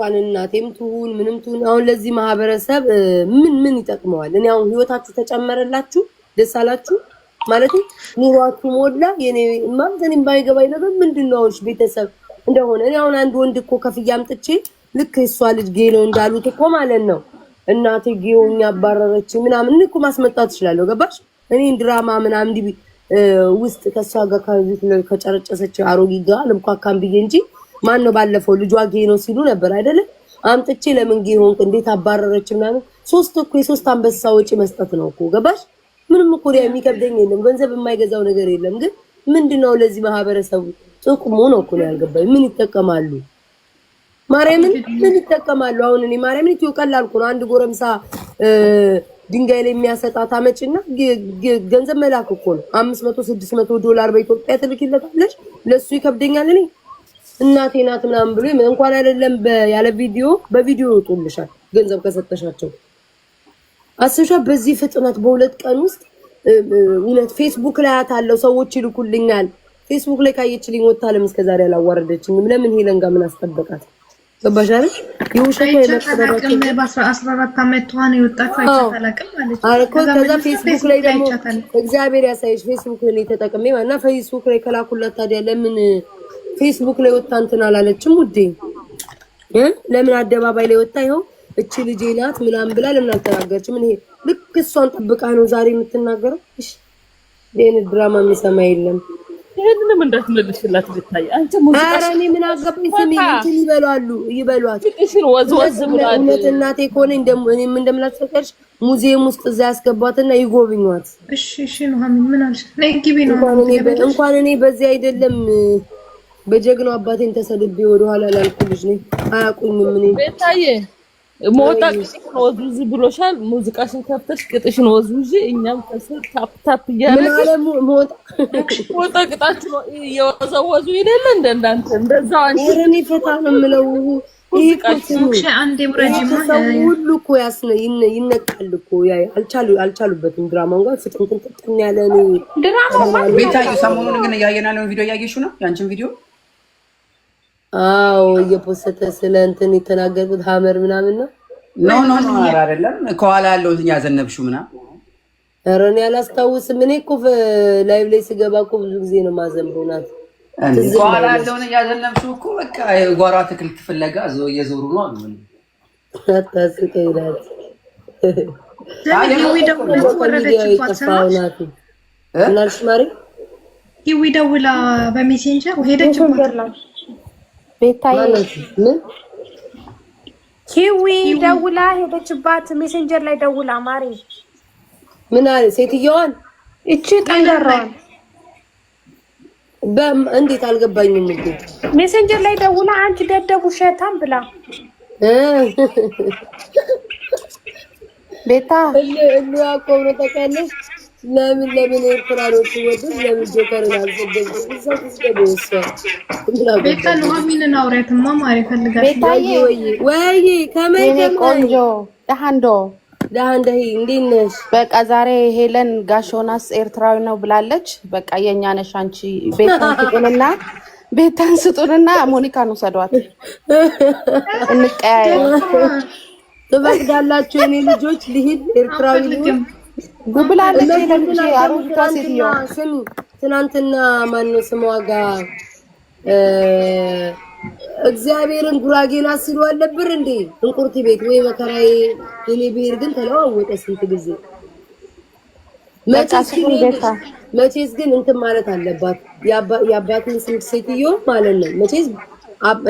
እንኳን እናቴም ትሁን ምንም ትሁን አሁን ለዚህ ማህበረሰብ ምን ምን ይጠቅመዋል? እኔ አሁን ህይወታችሁ ተጨመረላችሁ ደስ አላችሁ ማለት ኑሯችሁ ሞላ። የኔ ማምዘኔም ባይገባኝ ነገር ምንድን ነው አሁን ቤተሰብ እንደሆነ እኔ አሁን አንድ ወንድ እኮ ከፍያም አምጥቼ ልክ እሷ ልጅ ነው እንዳሉት እኮ ማለት ነው እናቴ ጌዮኛ አባረረች ምናምን እኔ እኮ ማስመጣት እችላለሁ። ገባሽ? እኔ ድራማ ምናምን ውስጥ ከእሷ ጋር ከጨረጨሰች አሮጊ ጋር ብዬ እንጂ ማን ነው ባለፈው ልጇ ጌ ነው ሲሉ ነበር አይደለም? አምጥቼ ለምን ጌ ሆንክ እንዴት አባረረች ምናምን። ሶስት እኮ የሶስት አንበሳ ወጪ መስጠት ነው እኮ ገባሽ? ምንም እኮ የሚከብደኝ የለም ገንዘብ የማይገዛው ነገር የለም። ግን ምንድነው ለዚህ ማህበረሰቡ ጥቅሙ ነው እኮ ያልገባኝ። ምን ይጠቀማሉ? ማርያምን ምን ይጠቀማሉ? አሁን እኔ ማርያምን ኢትዮ ቀላል እኮ ነው። አንድ ጎረምሳ ድንጋይ ላይ የሚያሰጣት አመጭና ገንዘብ መላክ እኮ ነው። አምስት መቶ ስድስት መቶ ዶላር በኢትዮጵያ ትልክለታለች። ለእሱ ይከብደኛል እኔ እናቴ ናት ምናምን ብሎ እንኳን አይደለም ያለ ቪዲዮ በቪዲዮ ይወጡልሻል። ገንዘብ ከሰጠሻቸው አስብሻ። በዚህ ፍጥነት በሁለት ቀን ውስጥ እውነት ፌስቡክ ላይ አታለው ሰዎች ይልኩልኛል። ፌስቡክ ላይ ካየችልኝ እስከ ዛሬ አላዋረደችኝም። ለምን ሄለን ጋር ምን አስጠበቃት? ገባሽ አይደል? የውሸት ከዛ ፌስቡክ ላይ ደግሞ እግዚአብሔር ያሳየሽ ፌስቡክ ላይ ተጠቅሜ እና ፌስቡክ ላይ ከላኩላት ታዲያ ለምን ፌስቡክ ላይ ወጣ እንትን አላለችም ውዴ። ለምን አደባባይ ላይ ወጣ? ይኸው እቺ ልጄ ናት ምናምን ብላ ለምን አልተናገረችም? ምን ይሄ ልክ እሷን ጠብቃ ነው ዛሬ የምትናገረው? እሺ ይሄን ድራማ የሚሰማ የለም። ይሄንንም እንዳትመልሽላት ልታይ አንቺ ሙዚቃ። ኧረ እኔ ምን አገባኝ? ስሚ እንትን ይበሏሉ ይበሏት። እሺን ወዝ ወዝ ብሏል። እውነት እናቴ ከሆነ እንደም እኔም እንደምላትፈቀድሽ ሙዚየም ውስጥ እዛ ያስገቧትና ይጎብኟት። እሺ እሺ ነው ምን አልሽ? ነይ ግቢ ነው እንኳን እኔ በዚህ አይደለም በጀግኖ አባቴን ተሰድቤ ወደኋላ ላልኩ ልጅ ነኝ። አያቁኝ ምን ቤታዬ ሞታ ቅጥሽን ወዝውዚ ብሎሻል። ሙዚቃሽን ከፍተሽ ቅጥሽን ወዝውዚ፣ እኛም ከስር ታፕ ታፕ እያደረግሽ ሞታ ቅጣችሁ እየወዘወዙ ይደለ እንደ እንዳንተ እንደዛው አንቺ እኔ ፈታ ነው የምለው። ይሄ ኮሽ አንዴ ብረጂማ ሁሉ እኮ ያስነ ይነቃል እኮ አልቻሉ አልቻሉበትም። ድራማውን ጋር ፍጥን ፍጥን ያለ ነው ድራማው። ቤታዬ ሰሞኑን ግን እያየን ያለውን ቪዲዮ እያየሽው ነው ያንቺን ቪዲዮ አዎ እየፖሰተ ስለ እንትን የተናገርኩት ሀመር ምናምን ነው። ኖ ኖ ኖ አይደለም፣ ከኋላ ያለሁት ያዘነብሽው ምናምን። ኧረ እኔ አላስታውስም። እኔ እኮ ላይቭ ላይ ስገባ እኮ ብዙ ጊዜ ነው የማዘንበው። ናት ከኋላ ያለውን እያዘነብሽው እኮ በቃ የጓሮ አትክልት ፍለጋ እየዞሩ ነው አሉ። አታስቀኝ ናት። ናት ምናልሽ ማሪ ይደውላ በሜሴንጀር ነው ቤታዬ ኪዊ ደውላ ሄደችባት። ሜሴንጀር ላይ ደውላ ማሪ ምን አለ ሴትዮዋን? እቺ ጠንደራዋን እንዴት አልገባኝም። እንዴት ሜሴንጀር ላይ ደውላ አንቺ ደደቡ ሸታም ብላ ቤታ እሉ ያቆብነ ተቀለች ለምን ለምን ኤርትራኖች ወደድ ለምን ጆከር አዘገዝ እዛ ተስገብ ይፈልጋል። ከመይ ቆንጆ እንዴት ነሽ? በቃ ዛሬ ሄለን ጋሾናስ ኤርትራዊ ነው ብላለች። በቃ የእኛ ነሽ አንቺ። ቤታን ስጡንና ቤታን ስጡንና ሞኒካን ውሰዷት እንቀያየ። ትፈቅዳላችሁ? እኔ ልጆች ልሂድ ኤርትራዊ ልጅ ስሚ፣ ትናንትና ማነው ስሟ ጋር እግዚአብሔርን ጉራጌና ሲሉ አልነበር እንዴ? እንቁርቲ ቤት ወይ መከራዬ። እኔ ብሄር ግን ተለዋወጠ ስንት ጊዜ። መቼስ ግን እንትን ማለት አለባት የአባቴን ስም ሴትዮ ማለት ነው። መቼስ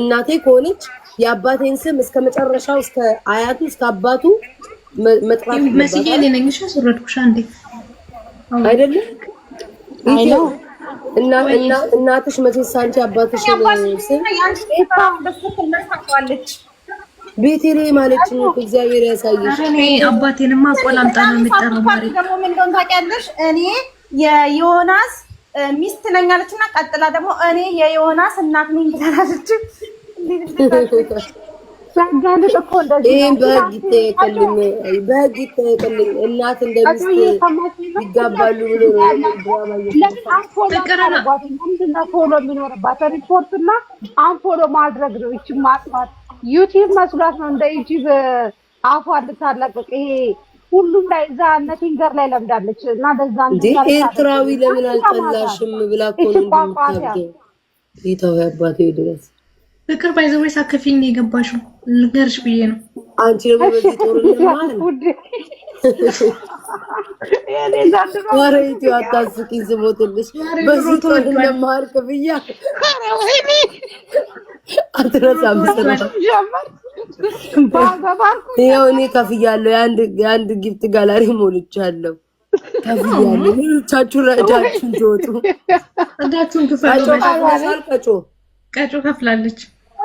እናቴ ከሆነች የአባቴን ስም እስከ መጨረሻው እስከ አያቱ እስከ አባቱ መጥራት መስዬ እኔ ነኝ። እሺ አስወረድኩሽ አንዴ አይደለም እና እና እናትሽ መቼስ አንቺ አባትሽ ቤቴሌ ነው። እግዚአብሔር ያሳየሽ። እኔ አባቴንማ ቆላምጣ ነው ደግሞ ምን እንደሆነ ታውቂያለሽ? እኔ የዮናስ ሚስት ነኝ አለችና ቀጥላ ደግሞ እኔ የዮናስ እናት ነኝ ብላለች። ይህም በህግ ይጠየቅልኝ፣ በህግ ሪፖርት እና አንፎሎ ማድረግ ነው። ይችን ማጥፋት ዩቲዩብ መስሏት ነው እንደ ዩቲዩብ አፏ ልታለቅቅ ይሄ ሁሉም ላይ እዛ እነ ቲንገር ላይ ለምዳለች እና በዛ ኤርትራዊ ለምን አልጠላሽም ብላ እኮ ይተው አባቴ ድረስ ፍቅር ባይዘወይ ሳከፊኝ ነው የገባሽው፣ ልንገርሽ ብዬ ነው። አንቺ ደግሞ በዚህ ጦርነት ማለት ነው። ኢትዮ በዚህ ጦርነት ማርክ ብያ እኔ ከፍያለሁ፣ የአንድ ጊፍት ጋላሪ ሞልቻለሁ። ከፍያለሁ። ሌሎቻችሁ ረዳችሁን ትወጡ ቀጮ ከፍላለች።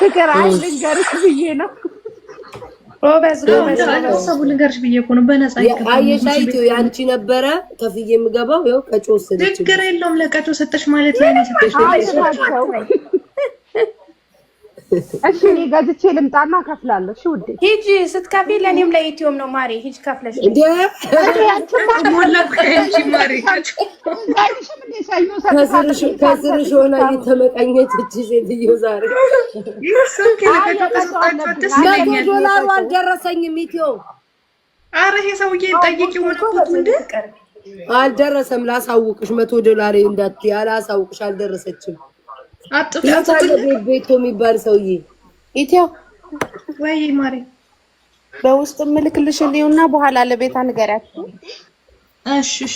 ፍቅር አይ ልንገርሽ ብዬ ነው። ሰቡ ልንገርሽ ብዬ እኮ ነው። በነፃ አየሻይትዮ የአንቺ ነበረ ከፍዬ የምገባው ው ቀጮ ችግር የለውም ለቀጮ ሰጠሽ ማለት ላይ ነው ሰጠሽ እሺ እኔ ገዝቼ ልምጣና ከፍላለሁ። እሺ ውዴ ሂጂ። ስትከፊ ለእኔም ለኢትዮም ነው ማሪ። ሂጂ ከፍለሽ ሆና እየተመቀኘች ሴትዮ ዛሬ መቶ ዶላሩ አልደረሰኝም። ኢትዮ ኧረ ይሄ ሰውዬ ጠይቂው አልደረሰም። ላሳውቅሽ መቶ ዶላር እንዳትዪ አላሳውቅሽ አልደረሰችም ቤቶ የሚባል ሰውዬ ኢትዮ ወይ ማሪ በውስጥ ምልክልሽ እና በኋላ ለቤታ ንገሪያቸው። እሺ እሺ።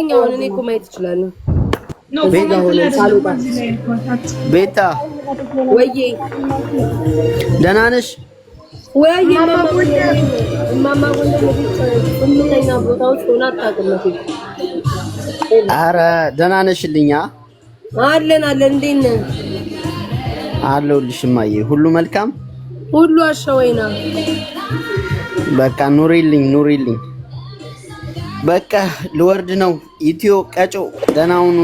እኔ እኮ ማየት እችላለሁ። ቤታ ወይዬ ደህና ነሽ? ወይዬ እማማ ቦታዎች ሆና አታውቅም። ኧረ ደህና ነሽልኛ አለን አለን። እንዴት ነህ? አለሁልሽ እማዬ። ሁሉ መልካም ሁሉ አሸወይና። በቃ ኑሪልኝ ኑሪልኝ። በቃ ልወርድ ነው። ኢትዮ ቀጮ ደህና ሁኑ።